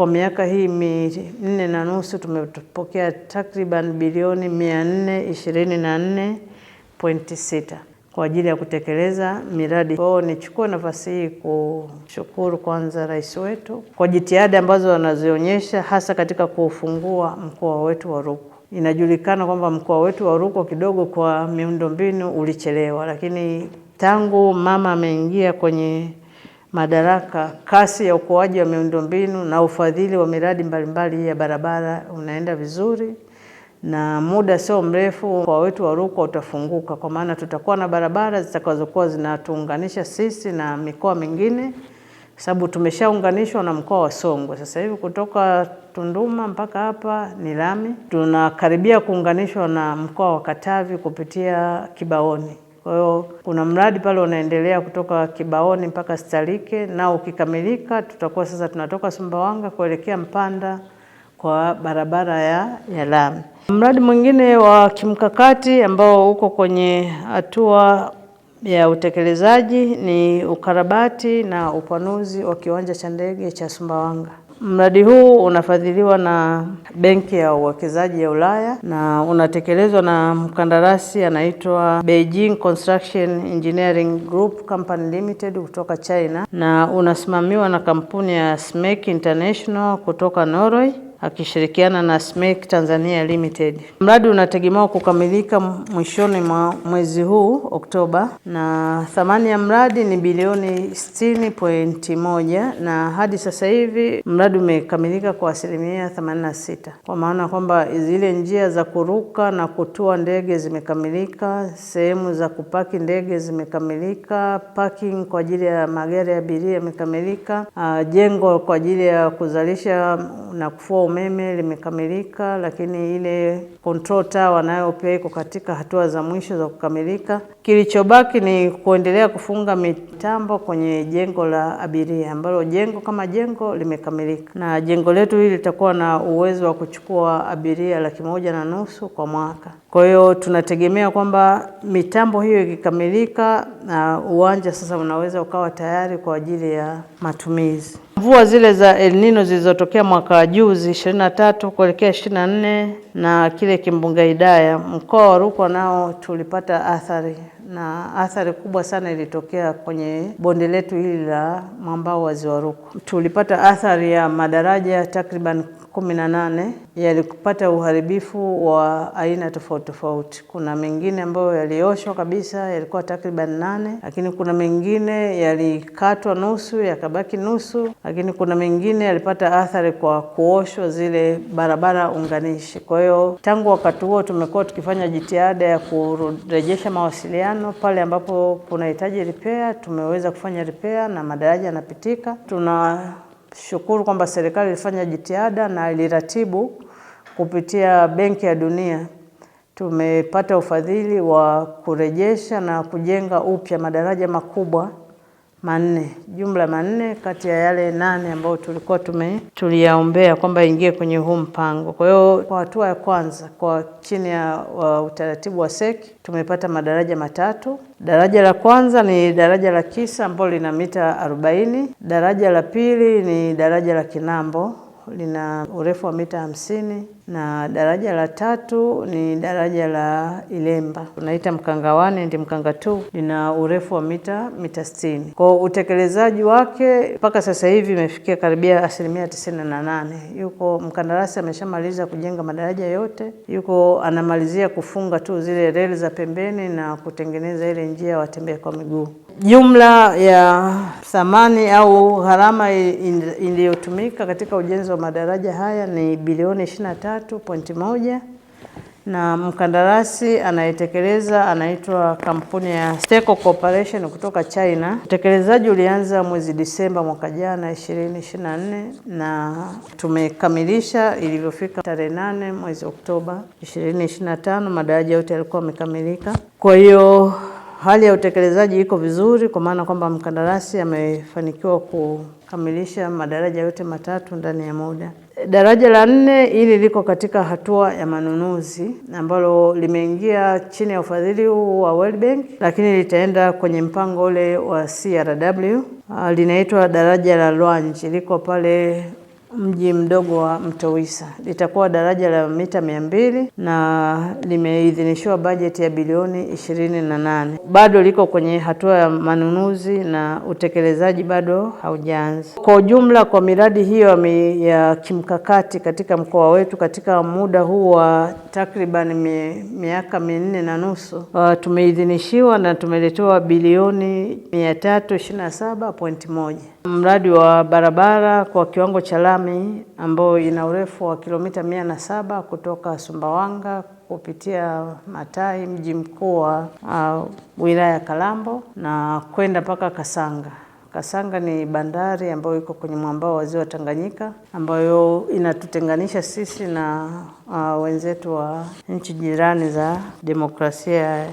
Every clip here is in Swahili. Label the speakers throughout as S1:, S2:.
S1: Kwa miaka hii minne na nusu tumepokea takriban bilioni mia sita kwa ajili ya kutekeleza miradi. kwao. nichukue nafasi hii kushukuru kwanza rais wetu kwa jitihada ambazo wanazionyesha hasa katika kuufungua mkoa wetu wa Rukwa. Inajulikana kwamba mkoa wetu wa Rukwa kidogo kwa miundombinu ulichelewa, lakini tangu mama ameingia kwenye madaraka, kasi ya ukuaji wa miundombinu na ufadhili wa miradi mbalimbali ya barabara unaenda vizuri, na muda sio mrefu mkoa wetu wa Rukwa utafunguka, kwa maana tutakuwa na barabara zitakazokuwa zinatuunganisha sisi na mikoa mingine, sababu tumeshaunganishwa na mkoa wa Songwe. Sasa hivi kutoka Tunduma mpaka hapa ni lami. Tunakaribia kuunganishwa na mkoa wa Katavi kupitia Kibaoni. Kwa hiyo kuna mradi pale unaendelea kutoka Kibaoni mpaka Stalike, nao ukikamilika tutakuwa sasa tunatoka Sumbawanga kuelekea Mpanda kwa barabara ya, ya lami. Mradi mwingine wa kimkakati ambao uko kwenye hatua ya utekelezaji ni ukarabati na upanuzi wa kiwanja cha ndege cha Sumbawanga. Mradi huu unafadhiliwa na Benki ya Uwekezaji ya Ulaya na unatekelezwa na mkandarasi anaitwa Beijing Construction Engineering Group Company Limited kutoka China na unasimamiwa na kampuni ya SMEC International kutoka Norway akishirikiana na SMEC Tanzania Limited. Mradi unategemewa kukamilika mwishoni mwa mwezi huu Oktoba, na thamani ya mradi ni bilioni 60.1 na hadi sasa hivi mradi umekamilika kwa asilimia 86, kwa maana kwamba zile njia za kuruka na kutua ndege zimekamilika, sehemu za kupaki ndege zimekamilika, parking kwa ajili ya magari ya abiria yamekamilika, ah, jengo kwa ajili ya kuzalisha na kufua umeme limekamilika, lakini ile control tower wanayo pia iko katika hatua za mwisho za kukamilika. Kilichobaki ni kuendelea kufunga mitambo kwenye jengo la abiria ambalo jengo kama jengo limekamilika, na jengo letu hili litakuwa na uwezo wa kuchukua abiria laki moja na nusu kwa mwaka. Kwa hiyo tunategemea kwamba mitambo hiyo ikikamilika, na uwanja sasa unaweza ukawa tayari kwa ajili ya matumizi. Mvua zile za El Nino zilizotokea mwaka wa juzi 23 kuelekea 24 na kile kimbunga Idaya, mkoa wa Rukwa nao tulipata athari na athari kubwa sana ilitokea kwenye bonde letu hili la mwambao wa Ziwa Ruku. Tulipata athari ya madaraja takriban kumi na nane yalipata uharibifu wa aina tofauti tofauti. Kuna mengine ambayo yalioshwa kabisa, yalikuwa takriban nane, lakini kuna mengine yalikatwa nusu yakabaki nusu, lakini kuna mengine yalipata athari kwa kuoshwa zile barabara unganishi. Kwa hiyo tangu wakati huo tumekuwa tukifanya jitihada ya kurejesha mawasiliano mawasiliano pale ambapo kunahitaji ripea tumeweza kufanya ripea na madaraja yanapitika. Tunashukuru kwamba serikali ilifanya jitihada na iliratibu kupitia Benki ya Dunia tumepata ufadhili wa kurejesha na kujenga upya madaraja makubwa manne, jumla manne kati ya yale nane ambayo tulikuwa tume tuliyaombea kwamba ingie kwenye huu mpango. Kwa hiyo kwa hatua ya kwanza, kwa chini ya utaratibu wa SEC tumepata madaraja matatu. Daraja la kwanza ni daraja la Kisa ambalo lina mita 40. Daraja la pili ni daraja la Kinambo lina urefu wa mita hamsini na daraja la tatu ni daraja la Ilemba tunaita Mkanga wane ndi Mkanga tu, lina urefu wa mita mita sitini. Kwa utekelezaji wake mpaka sasa hivi imefikia karibia asilimia tisini na nane. Yuko mkandarasi ameshamaliza kujenga madaraja yote, yuko anamalizia kufunga tu zile reli za pembeni na kutengeneza ile njia ya watembea kwa miguu. Jumla ya thamani au gharama iliyotumika katika ujenzi wa madaraja haya ni bilioni tatu. 3.1 na mkandarasi anayetekeleza anaitwa kampuni ya Steco Corporation kutoka China. Utekelezaji ulianza mwezi Disemba mwaka jana 2024 na tumekamilisha ilivyofika tarehe nane mwezi Oktoba 2025, madaraja yote yalikuwa yamekamilika. Kwa hiyo hali ya utekelezaji iko vizuri, kwa maana kwamba mkandarasi amefanikiwa kukamilisha madaraja yote matatu ndani ya muda. Daraja la nne hili liko katika hatua ya manunuzi ambalo limeingia chini ya ufadhili huu wa World Bank, lakini litaenda kwenye mpango ule wa CRW. Ah, linaitwa daraja la Lwanji, liko pale mji mdogo wa Mtowisa. Litakuwa daraja la mita mia mbili na limeidhinishiwa bajeti ya bilioni ishirini na nane. Bado liko kwenye hatua ya manunuzi na utekelezaji bado haujaanza. Kwa ujumla, kwa miradi hiyo ya kimkakati katika mkoa wetu katika muda huu wa takriban miaka minne na nusu, uh, tumeidhinishiwa na tumeletewa bilioni moja. Mradi wa barabara kwa kiwango cha lami lami ambayo ina urefu wa kilomita mia na saba kutoka Sumbawanga kupitia Matai, mji mkuu wa uh, wilaya ya Kalambo na kwenda mpaka Kasanga. Kasanga ni bandari ambayo iko kwenye mwambao wa ziwa Tanganyika ambayo inatutenganisha sisi na uh, wenzetu wa nchi jirani za demokrasia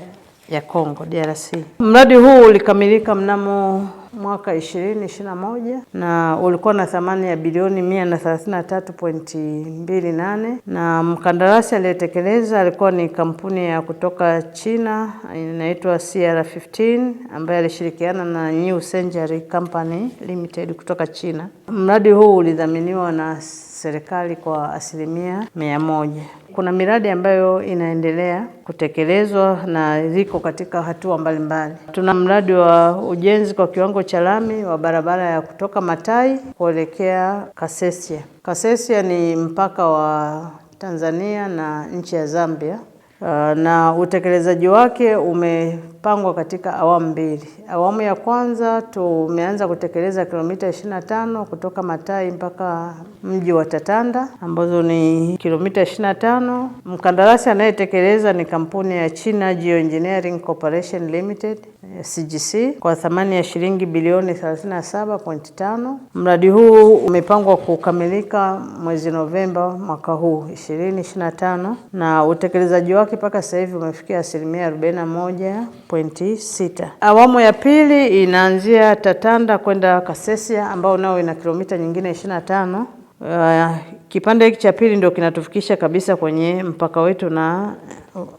S1: ya Kongo DRC. Mradi huu ulikamilika mnamo mwaka 2021 na ulikuwa na thamani ya bilioni 133.28 na mkandarasi aliyetekeleza alikuwa ni kampuni ya kutoka China inaitwa CR15 ambaye alishirikiana na New Century Company Limited kutoka China. Mradi huu ulidhaminiwa na serikali kwa asilimia mia moja. Kuna miradi ambayo inaendelea kutekelezwa na ziko katika hatua mbalimbali. Tuna mradi wa ujenzi kwa kiwango cha lami wa barabara ya kutoka Matai kuelekea Kasesia. Kasesia ni mpaka wa Tanzania na nchi ya Zambia uh, na utekelezaji wake umepangwa katika awamu mbili. Awamu ya kwanza tumeanza kutekeleza kilomita 25 kutoka Matai mpaka mji wa Tatanda ambazo ni kilomita 25. Mkandarasi anayetekeleza ni kampuni ya China Geoengineering Corporation Limited CGC kwa thamani ya shilingi bilioni 37.5. Mradi huu umepangwa kukamilika mwezi Novemba mwaka huu 2025 na utekelezaji wake mpaka sasa hivi umefikia asilimia 41.6. Awamu ya pili inaanzia Tatanda kwenda Kasesia ambao nao ina kilomita nyingine 25 Uh, kipande hiki cha pili ndio kinatufikisha kabisa kwenye mpaka wetu na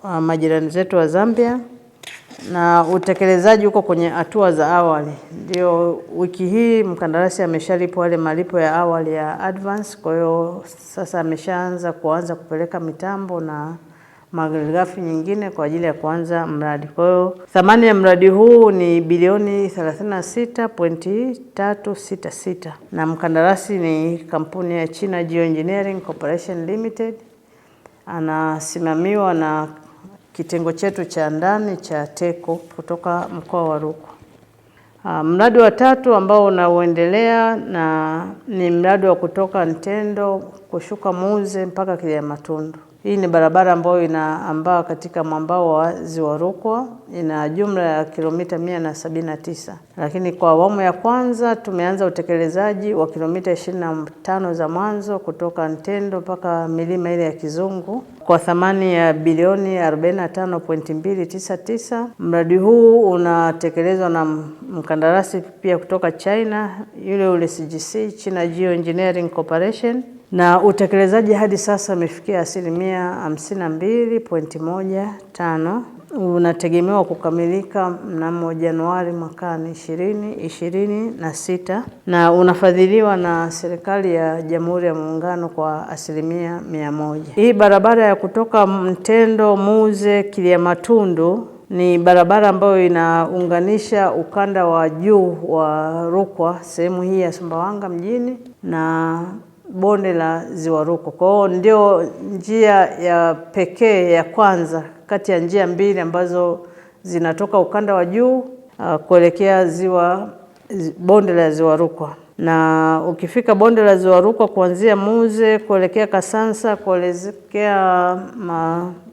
S1: uh, majirani zetu wa Zambia na utekelezaji uko kwenye hatua za awali. Ndio wiki hii mkandarasi ameshalipa wale malipo ya awali ya advance, kwa hiyo sasa ameshaanza kuanza kupeleka mitambo na malighafi nyingine kwa ajili ya kuanza mradi. Kwa hiyo thamani ya mradi huu ni bilioni 36.366 na mkandarasi ni kampuni ya China Engineering Corporation Limited, anasimamiwa na kitengo chetu cha ndani cha TECO kutoka mkoa wa Rukwa. Ah, mradi wa tatu ambao unaoendelea na ni mradi wa kutoka Ntendo kushuka Muze mpaka matundu hii ni barabara ambayo inaambaa katika mwambao wa ziwa Rukwa, ina jumla ya kilomita mia na sabini na tisa, lakini kwa awamu ya kwanza tumeanza utekelezaji wa kilomita ishirini na tano za mwanzo kutoka Ntendo mpaka milima ile ya Kizungu kwa thamani ya bilioni 45.299. Mradi huu unatekelezwa na mkandarasi pia kutoka China, yule ule CGC, China Geo Engineering Corporation na utekelezaji hadi sasa umefikia asilimia hamsini na mbili pointi moja tano. Unategemewa kukamilika mnamo Januari mwakani ishirini ishirini na sita na unafadhiliwa na serikali ya Jamhuri ya Muungano kwa asilimia mia moja. Hii barabara ya kutoka Mtendo Muze Kiliamatundu ni barabara ambayo inaunganisha ukanda wa juu wa Rukwa, sehemu hii ya Sumbawanga mjini na bonde la Ziwa Rukwa. Kwa hiyo ndio njia ya pekee ya kwanza kati ya njia mbili ambazo zinatoka ukanda wa juu uh, kuelekea ziwa bonde la Ziwa Rukwa na ukifika bonde la Ziwa Rukwa kuanzia Muze kuelekea Kasansa kuelekea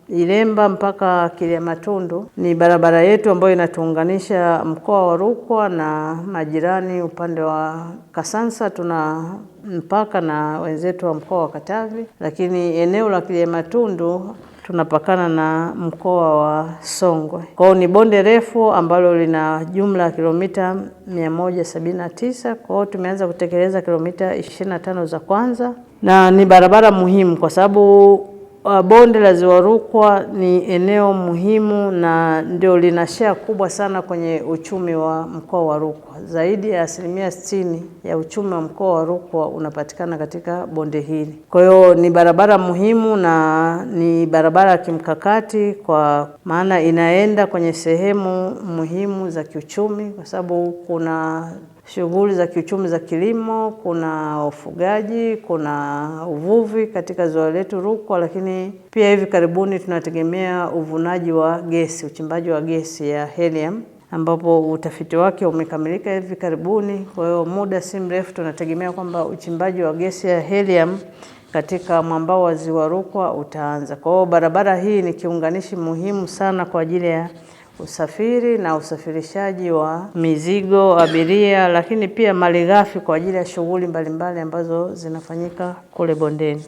S1: Ilemba mpaka Kiliamatundu ni barabara yetu ambayo inatuunganisha mkoa wa Rukwa na majirani. Upande wa Kasansa tuna mpaka na wenzetu wa mkoa wa Katavi, lakini eneo la Kiliamatundu tunapakana na mkoa wa Songwe. Kwao ni bonde refu ambalo lina jumla ya kilomita 179. Kwao tumeanza kutekeleza kilomita 25 za kwanza, na ni barabara muhimu kwa sababu Uh, bonde la Ziwa Rukwa ni eneo muhimu na ndio lina share kubwa sana kwenye uchumi wa mkoa wa Rukwa. Zaidi ya asilimia sitini ya uchumi wa mkoa wa Rukwa unapatikana katika bonde hili. Kwa hiyo ni barabara muhimu na ni barabara ya kimkakati, kwa maana inaenda kwenye sehemu muhimu za kiuchumi, kwa sababu kuna shughuli za kiuchumi za kilimo, kuna ufugaji, kuna uvuvi katika ziwa letu Rukwa, lakini pia hivi karibuni tunategemea uvunaji wa gesi, uchimbaji wa gesi ya helium ambapo utafiti wake umekamilika hivi karibuni. Kwa hiyo muda si mrefu tunategemea kwamba uchimbaji wa gesi ya helium katika mwambao wa ziwa Rukwa utaanza. Kwa hiyo barabara hii ni kiunganishi muhimu sana kwa ajili ya usafiri na usafirishaji wa mizigo, abiria, lakini pia malighafi kwa ajili ya shughuli mbalimbali ambazo zinafanyika kule bondeni.